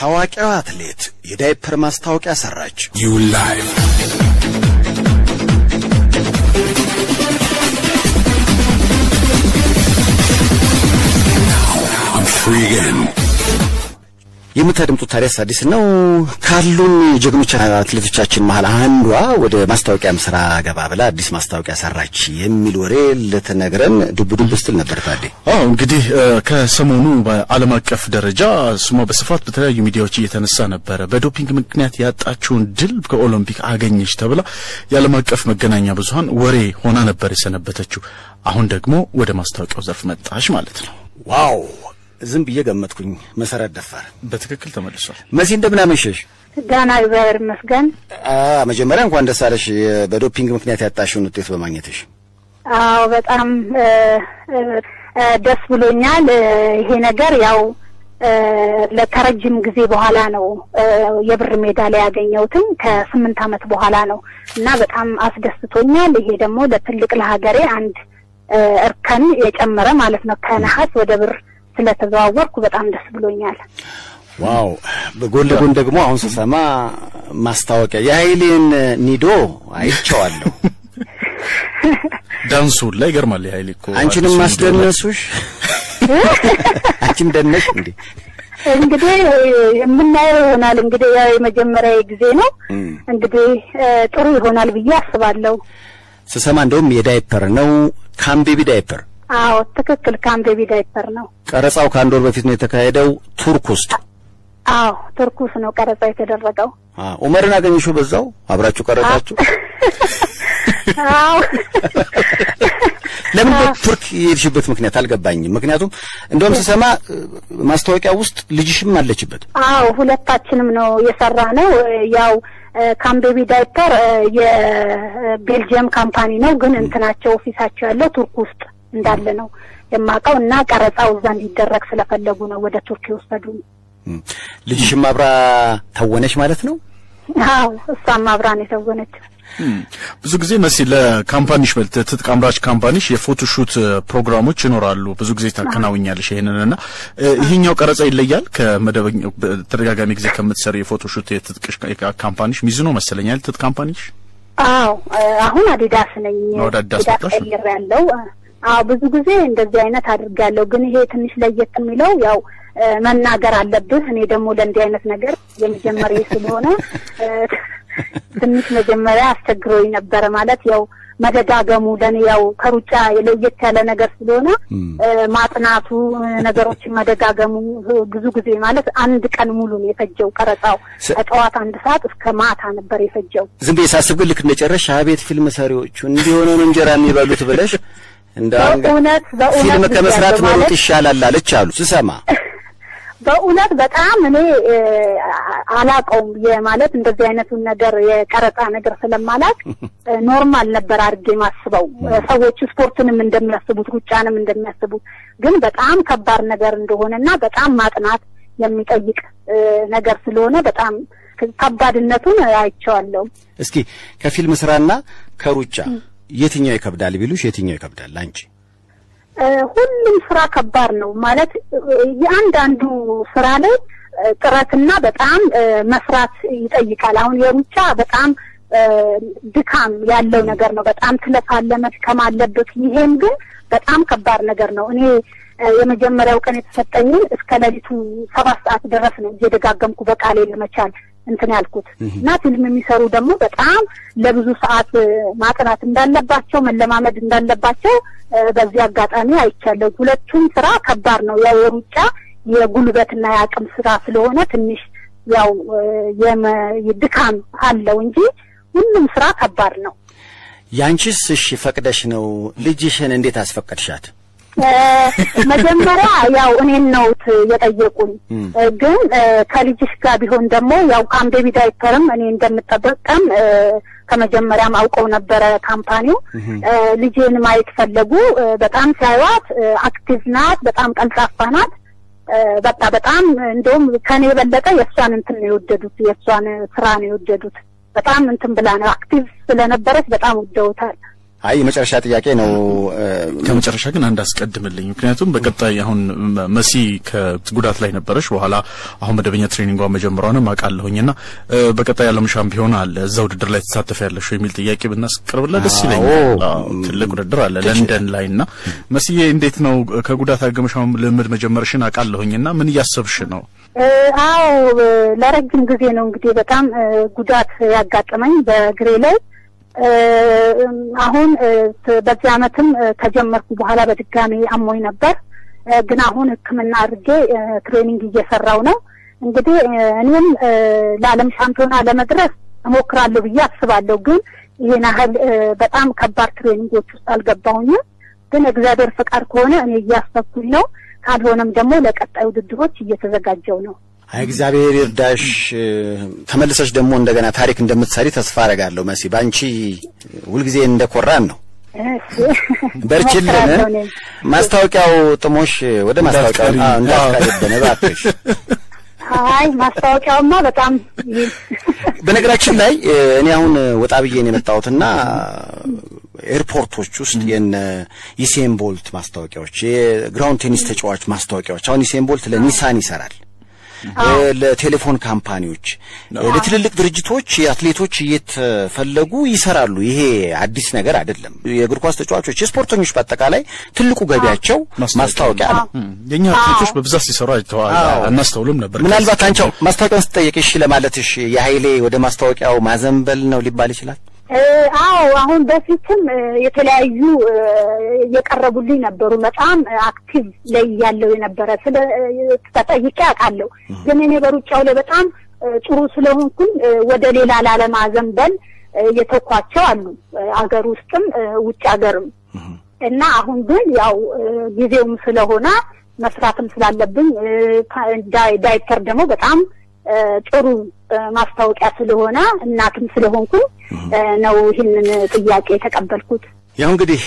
ታዋቂው አትሌት የዳይፐር ማስታወቂያ ሰራች። ዩ ላይቭ የምታደምጡት ታዲያስ አዲስ ነው። ካሉን ጀግኖች አትሌቶቻችን መሀል አንዷ ወደ ማስታወቂያም ስራ ገባ ብላ አዲስ ማስታወቂያ ሰራች የሚል ወሬ ልትነግረን ዱብ ዱብ ስትል ነበር። ታዲ እንግዲህ ከሰሞኑ በዓለም አቀፍ ደረጃ ስሟ በስፋት በተለያዩ ሚዲያዎች እየተነሳ ነበረ። በዶፒንግ ምክንያት ያጣችውን ድል ከኦሎምፒክ አገኘች ተብላ የዓለም አቀፍ መገናኛ ብዙሀን ወሬ ሆና ነበር የሰነበተችው። አሁን ደግሞ ወደ ማስታወቂያው ዘርፍ መጣች ማለት ነው። ዋው ዝም ብዬ ገመትኩኝ። መሰረት ደፋር በትክክል ተመልሷል። መሲ እንደምን አመሸሽ? ደህና እግዚአብሔር ይመስገን። መጀመሪያ እንኳን ደስ አለሽ በዶፒንግ ምክንያት ያጣሽውን ውጤት በማግኘትሽ። አዎ በጣም ደስ ብሎኛል። ይሄ ነገር ያው ለከረጅም ጊዜ በኋላ ነው የብር ሜዳሊያ ያገኘሁትም ከስምንት ዓመት በኋላ ነው እና በጣም አስደስቶኛል። ይሄ ደግሞ ለትልቅ ለሀገሬ አንድ እርከን የጨመረ ማለት ነው ከነሐስ ወደ ብር ስለተዘዋወርኩ በጣም ደስ ብሎኛል። ዋው! በጎን ለጎን ደግሞ አሁን ስሰማ ማስታወቂያ የሀይሌን ኒዶ አይቼዋለሁ። ዳንሱ ላይ ይገርማል። የሀይሌ እኮ አንቺንም ማስደነሱሽ አንቺም ደነሽ እንዴ? እንግዲህ የምናየው ይሆናል። እንግዲህ ያው የመጀመሪያ ጊዜ ነው። እንግዲህ ጥሩ ይሆናል ብዬ አስባለሁ። ስሰማ እንደውም የዳይፐር ነው ካምቤቢ ዳይፐር አዎ ትክክል። ከአንቤቢ ዳይፐር ነው። ቀረጻው ከአንድ ወር በፊት ነው የተካሄደው ቱርክ ውስጥ። አዎ ቱርክ ውስጥ ነው ቀረጻው የተደረገው። ኡመርን አገኘሽው? በዛው አብራችሁ ቀረጻችሁ? አዎ። ለምን ቱርክ የሄድሽበት ምክንያት አልገባኝም። ምክንያቱም እንደውም ስሰማ ማስታወቂያ ውስጥ ልጅሽም አለችበት። አዎ ሁለታችንም ነው የሰራ ነው ያው ካምቤቢ ዳይፐር የቤልጅየም ካምፓኒ ነው፣ ግን እንትናቸው ኦፊሳቸው ያለው ቱርክ ውስጥ እንዳለ ነው የማውቀው እና ቀረጻው እዛ እንዲደረግ ስለፈለጉ ነው ወደ ቱርክ የወሰዱኝ። ልጅሽ ማብራ ተወነች ማለት ነው? አዎ እሷም ማብራ ነው የተወነች። ብዙ ጊዜ መሲ ለካምፓኒሽ ትጥቅ አምራች ካምፓኒሽ የፎቶሹት ፕሮግራሞች ይኖራሉ። ብዙ ጊዜ ታከናውኛለሽ ይሄንን እና ይሄኛው ቀረጻ ይለያል ከመደበኛ ተደጋጋሚ ጊዜ ከምትሰሪ የፎቶሹት የትጥቅሽ ካምፓኒሽ ነው መሰለኛል ትጥቅ ካምፓኒሽ። አዎ አሁን አዲዳስ ነኝ። አዲዳስ ያለው አዎ ብዙ ጊዜ እንደዚህ አይነት አድርጋለሁ። ግን ይሄ ትንሽ ለየት የሚለው ያው መናገር አለብህ። እኔ ደግሞ ለእንዲህ አይነት ነገር የመጀመሪያ ስለሆነ ትንሽ መጀመሪያ አስቸግሮኝ ነበረ። ማለት ያው መደጋገሙ ለእኔ ያው ከሩጫ ለየት ያለ ነገር ስለሆነ ማጥናቱ፣ ነገሮችን መደጋገሙ ብዙ ጊዜ ማለት አንድ ቀን ሙሉ ነው የፈጀው ቀረጻው። ከጠዋት አንድ ሰዓት እስከ ማታ ነበር የፈጀው። ዝም ብዬ ሳስብ ግን ልክ እንደጨረሽ አቤት ፊልም ሰሪዎቹ እንዲሆነውን እንጀራ የሚበሉት ብለሽ እንደ በእውነት ፊልም ከመስራት መሮጥ ይሻላል አለች አሉ ስሰማ። በእውነት በጣም እኔ አላቀውም የማለት እንደዚህ አይነቱን ነገር የቀረጻ ነገር ስለማላቅ ኖርማል ነበር አድርጌ ማስበው። ሰዎቹ ስፖርትንም እንደሚያስቡት ሩጫንም እንደሚያስቡት ግን በጣም ከባድ ነገር እንደሆነና በጣም ማጥናት የሚጠይቅ ነገር ስለሆነ በጣም ከባድነቱን አይቼዋለሁ። እስኪ ከፊልም ስራና ከሩጫ የትኛው ይከብዳል ቢሉሽ የትኛው ይከብዳል አንቺ? ሁሉም ስራ ከባድ ነው ማለት የአንዳንዱ ስራ ላይ ጥረትና በጣም መስራት ይጠይቃል። አሁን የሩጫ በጣም ድካም ያለው ነገር ነው። በጣም ትለፋለ፣ መድከም አለበት። ይሄም ግን በጣም ከባድ ነገር ነው። እኔ የመጀመሪያው ቀን የተሰጠኝን እስከ ሌሊቱ ሰባት ሰዓት ድረስ ነው እየደጋገምኩ በቃሌ ለመቻል እንትን ያልኩት እና ፊልም የሚሰሩ ደግሞ በጣም ለብዙ ሰዓት ማጥናት እንዳለባቸው መለማመድ እንዳለባቸው በዚህ አጋጣሚ አይቻለሁ። ሁለቱም ስራ ከባድ ነው። ያው የሩጫ የጉልበትና የአቅም ስራ ስለሆነ ትንሽ ያው ድካም አለው እንጂ ሁሉም ስራ ከባድ ነው። ያንቺስ እሺ ፈቅደሽ ነው ልጅሽን እንዴት አስፈቀድሻት? መጀመሪያ ያው እኔን ነውት የጠየቁኝ። ግን ከልጅሽ ጋር ቢሆን ደግሞ ያው ካምቤቢ ዳይፐርም እኔ እንደምጠበቅም ከመጀመሪያም አውቀው ነበረ ካምፓኒው። ልጄን ማየት ፈለጉ። በጣም ሲያዩት አክቲቭ ናት፣ በጣም ቀልጣፋ ናት። በቃ በጣም እንደውም ከኔ የበለጠ የእሷን እንትን ነው የወደዱት፣ የእሷን ስራ ነው የወደዱት። በጣም እንትን ብላ ነው አክቲቭ ስለነበረች በጣም ወደውታል። አይ የመጨረሻ ጥያቄ ነው። ከመጨረሻ ግን አንድ አስቀድምልኝ፣ ምክንያቱም በቀጣይ አሁን መሲ ከጉዳት ላይ ነበረች፣ በኋላ አሁን መደበኛ ትሬኒንጓን መጀመሯንም አውቃለሁኝ እና በቀጣይ ያለም ሻምፒዮን አለ እዛ ውድድር ላይ ተሳተፍ ያለሽ የሚል ጥያቄ ብናስቀርብላ ደስ ይለኛል። ትልቅ ውድድር አለ ለንደን ላይ እና መስዬ እንዴት ነው ከጉዳት አገመሻም ልምድ መጀመርሽን አውቃለሁኝ ምን እያሰብሽ ነው? አዎ ለረጅም ጊዜ ነው እንግዲህ በጣም ጉዳት ያጋጠመኝ በእግሬ ላይ አሁን በዚህ አመትም ከጀመርኩ በኋላ በድጋሚ አሞኝ ነበር፣ ግን አሁን ሕክምና አድርጌ ትሬኒንግ እየሰራው ነው። እንግዲህ እኔም ለዓለም ሻምፒዮና ለመድረስ እሞክራለሁ ብዬ አስባለሁ። ግን ይህን ያህል በጣም ከባድ ትሬኒንጎች ውስጥ አልገባሁኝም። ግን እግዚአብሔር ፈቃድ ከሆነ እኔ እያሰብኩኝ ነው። ካልሆነም ደግሞ ለቀጣይ ውድድሮች እየተዘጋጀው ነው። አይ እግዚአብሔር ይርዳሽ። ተመልሰሽ ደግሞ እንደገና ታሪክ እንደምትሰሪ ተስፋ አረጋለሁ። መሲ በአንቺ ሁልጊዜ እንደኮራን ነው። በርችልን። ማስታወቂያው ጥሞሽ ወደ ማስታወቂያው እንዳትቀርብን እባክሽ። አይ ማስታወቂያውማ በጣም በነገራችን ላይ እኔ አሁን ወጣ ብዬ ነው የመጣሁትና ኤርፖርቶች ውስጥ የነ ዩሴን ቦልት ማስታወቂያዎች፣ የግራውንድ ቴኒስ ተጫዋች ማስታወቂያዎች አሁን ዩሴን ቦልት ለኒሳን ይሰራል ለቴሌፎን ካምፓኒዎች፣ ለትልልቅ ድርጅቶች አትሌቶች እየተፈለጉ ይሰራሉ። ይሄ አዲስ ነገር አይደለም። የእግር ኳስ ተጫዋቾች፣ የስፖርተኞች በአጠቃላይ ትልቁ ገቢያቸው ማስታወቂያ ነው። የኛ አትሌቶች በብዛት ሲሰሩ አናስተውልም ነበር። ምናልባት አንቻው ማስታወቂያውን ስትጠየቅ እሺ ለማለት እሺ የሀይሌ ወደ ማስታወቂያው ማዘንበል ነው ሊባል ይችላል። አዎ አሁን በፊትም የተለያዩ የቀረቡልኝ ነበሩ። በጣም አክቲቭ ላይ ያለው የነበረ ስለ ተጠይቄ አውቃለሁ። ግን እኔ በሩጫው ላይ በጣም ጥሩ ስለሆንኩኝ ወደ ሌላ ላለማዘንበል የተኳቸው አሉ፣ አገር ውስጥም ውጭ ሀገርም እና አሁን ግን ያው ጊዜውም ስለሆነ መስራትም ስላለብኝ ዳይሬክተር ደግሞ በጣም ጥሩ ማስታወቂያ ስለሆነ እናትም ስለሆንኩኝ ነው ይህንን ጥያቄ የተቀበልኩት። ያው እንግዲህ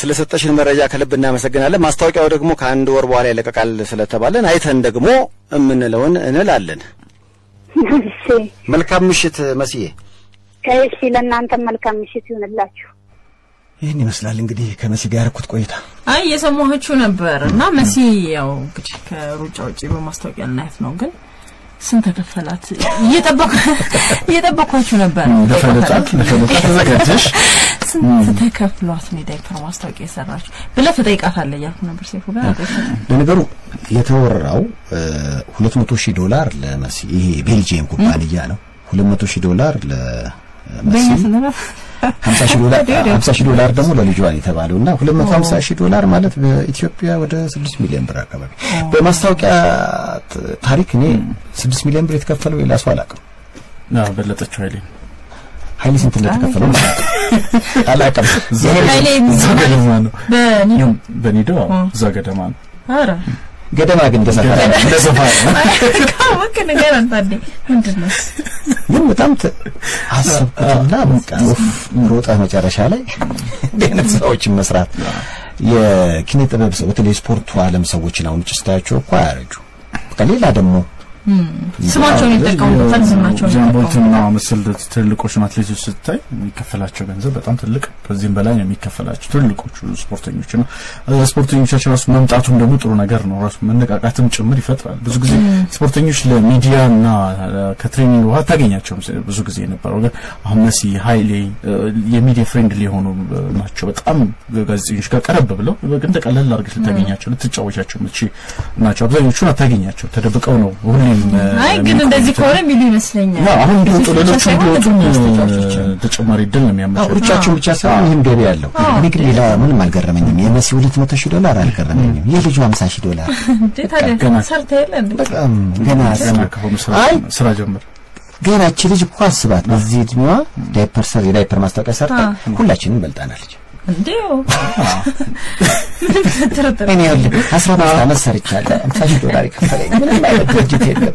ስለሰጠሽን መረጃ ከልብ እናመሰግናለን። ማስታወቂያው ደግሞ ከአንድ ወር በኋላ ይለቀቃል ስለተባለን አይተን ደግሞ የምንለውን እንላለን። መልካም ምሽት መስዬ። እሺ፣ ለእናንተም መልካም ምሽት ይሁንላችሁ። ይህን ይመስላል እንግዲህ ከመሲ ጋር ያደረኩት ቆይታ። አይ የሰማችሁ ነበር እና መሲ ያው እንግዲህ ከሩጫ ውጪ በማስታወቂያ እናያት ነው ግን ስንት ተከፈላት? እየጠበኳችሁ ነበር። ለፈለጣት ለፈለጣት ተዘጋጀሽ? ስንት ተከፍሏት ነው ዳይፐር ማስታወቂያ የሰራችሁ ብለህ ትጠይቃታለህ እያልኩ ነበር። ሴፉ ጋር ለነገሩ የተወራው ሁለት ሺህ ዶላር ለመሲ ይሄ ቤልጂየም ኩባንያ ነው። ሁለት ሺህ ዶላር ለመሲ 50 ሺህ ዶላር 50 ሺህ ዶላር ደግሞ ለልጇ የተባለው እና 250 ሺህ ዶላር ማለት በኢትዮጵያ ወደ 6 ሚሊዮን ብር አካባቢ በማስታወቂያ ታሪክ እኔ ስድስት ሚሊዮን ብር የተከፈለው ሌላ ሰው አላውቅም። በለጠች ኃይሌ ኃይሌ ስንት እንደተከፈለው አላውቅም። እዛ ነው፣ በኒዶ እዛ ገደማ ነው። ገደማ ግን ተሰፋ ተሰፋ ካወቅ ነገር አንታዴ ምንድን ግን በጣም አሰብኩትና ሮጠ መጨረሻ ላይ ደህነት ስራዎችን መስራት የኪነ ጥበብ ሰው በተለይ ስፖርቱ ዓለም ሰዎችን አሁን ጭስታያቸው እኮ አያረጁ በቃ ደግሞ ስማቸውን ይጠቀሙ ስማቸውን ቦልትና ምስል ትልቆች አትሌቶች ስታይ የሚከፈላቸው ገንዘብ በጣም ትልቅ ከዚህም በላይ ነው የሚከፈላቸው ትልቆቹ ስፖርተኞች ና ስፖርተኞቻችን ራሱ መምጣቱም ደግሞ ጥሩ ነገር ነው ራሱ መነቃቃትም ጭምር ይፈጥራል ብዙ ጊዜ ስፖርተኞች ለሚዲያ ና ከትሬኒንግ ውሃ ታገኛቸውም ብዙ ጊዜ የነበረው ግን አሁን መሲ ሀይሌ የሚዲያ ፍሬንድ ሊሆኑ ናቸው በጣም ጋዜጠኞች ጋር ቀረብ ብለው ግን ቀለል አርግ ልታገኛቸው ልትጫወቻቸው ናቸው አብዛኞቹን አታገኛቸው ተደብቀው ነው ሁሌ እኔም አይ ግን እንደዚህ ከሆነ የሚሉ ይመስለኛል። አሁን ተጨማሪ ድል ነው ብቻ ሳይሆን ይህም ገቢ ያለው እኔ ግን ሌላ ምንም አልገረመኝም። የመሲ ሁለት መቶ ሺህ ዶላር አልገረመኝም። የልጁ ሀምሳ ሺህ ዶላር ገና ስራ ጀምር ገና እቺ ልጅ እኮ አስባት በዚህ እድሜዋ ዳይፐር ሰር የዳይፐር ማስታወቂያ ሰርታ ሁላችንም በልጣናለች። እንዴው ምንም ተተረተረ እኔ አስራ አምስት አመት ሰርቻለሁ። አምሳ ሺህ ዶላር የከፈለኝ ምንም አይነት ድርጅት የለም።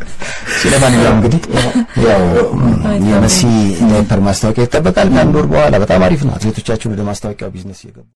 ለማንኛውም እንግዲህ ያው የመሲ ዳይፐር ማስታወቂያ ይጠበቃል። ከአንድ ወር በኋላ በጣም አሪፍ ነው። አትሌቶቻችን ወደ ማስታወቂያው ቢዝነስ እየገቡ